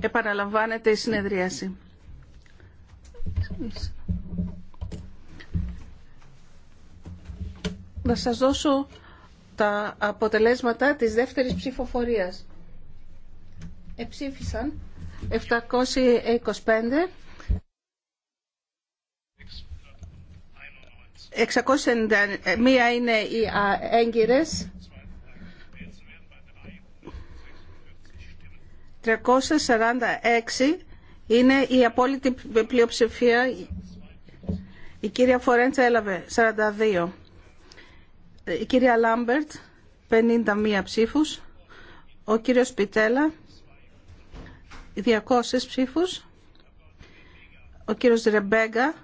Επαναλαμβάνεται η συνεδρίαση. Να σας δώσω τα αποτελέσματα της δεύτερης ψηφοφορίας. Εψήφισαν 725 691 είναι οι έγκυρες 346 είναι η απόλυτη πλειοψηφία. Η κυρία Φορέντσα έλαβε 42. Η κυρία Λάμπερτ 51 ψήφους. Ο κύριος Πιτέλα 200 ψήφους. Ο κύριος Ρεμπέγκα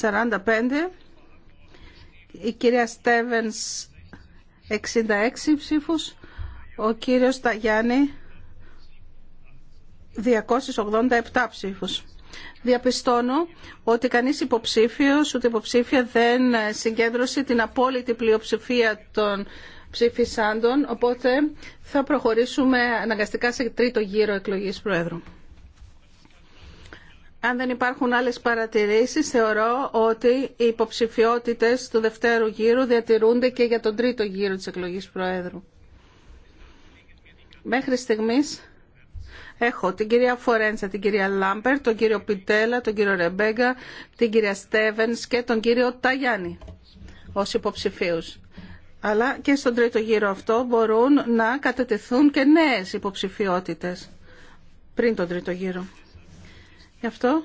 45. Η κυρία Στέβενς 66 ψήφους. Ο κύριος Ταγιάννη 287 ψήφους. Διαπιστώνω ότι κανείς υποψήφιος, ούτε υποψήφια δεν συγκέντρωσε την απόλυτη πλειοψηφία των ψηφισάντων, οπότε θα προχωρήσουμε αναγκαστικά σε τρίτο γύρο εκλογής Προέδρου. Αν δεν υπάρχουν άλλες παρατηρήσεις, θεωρώ ότι οι υποψηφιότητες του δευτέρου γύρου διατηρούνται και για τον τρίτο γύρο της εκλογής Προέδρου. Μέχρι στιγμής Έχω την κυρία Φορέντσα, την κυρία Λάμπερ, τον κύριο Πιτέλα, τον κύριο Ρεμπέγκα, την κυρία Στέβενς και τον κύριο Ταγιάννη ως υποψηφίους. Αλλά και στον τρίτο γύρο αυτό μπορούν να κατατεθούν και νέες υποψηφιότητες πριν τον τρίτο γύρο. Γι' αυτό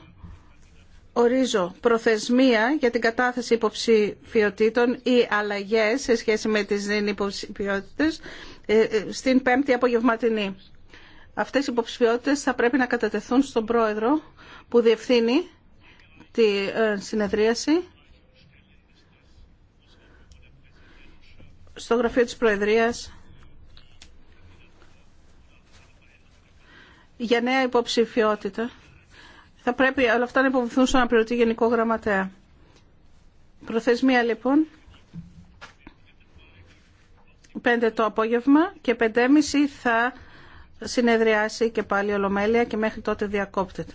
ορίζω προθεσμία για την κατάθεση υποψηφιότητων ή αλλαγές σε σχέση με τις υποψηφιότητες ε, ε, στην πέμπτη απογευματινή. Αυτέ οι υποψηφιότητε θα πρέπει να κατατεθούν στον πρόεδρο που διευθύνει τη ε, συνεδρίαση στο γραφείο της Προεδρίας για νέα υποψηφιότητα. Θα πρέπει όλα αυτά να υποβληθούν στον αναπληρωτή Γενικό Γραμματέα. Προθεσμία λοιπόν 5 το απόγευμα και 5.30 θα συνεδριάσει και πάλι ολομέλεια και μέχρι τότε διακόπτεται.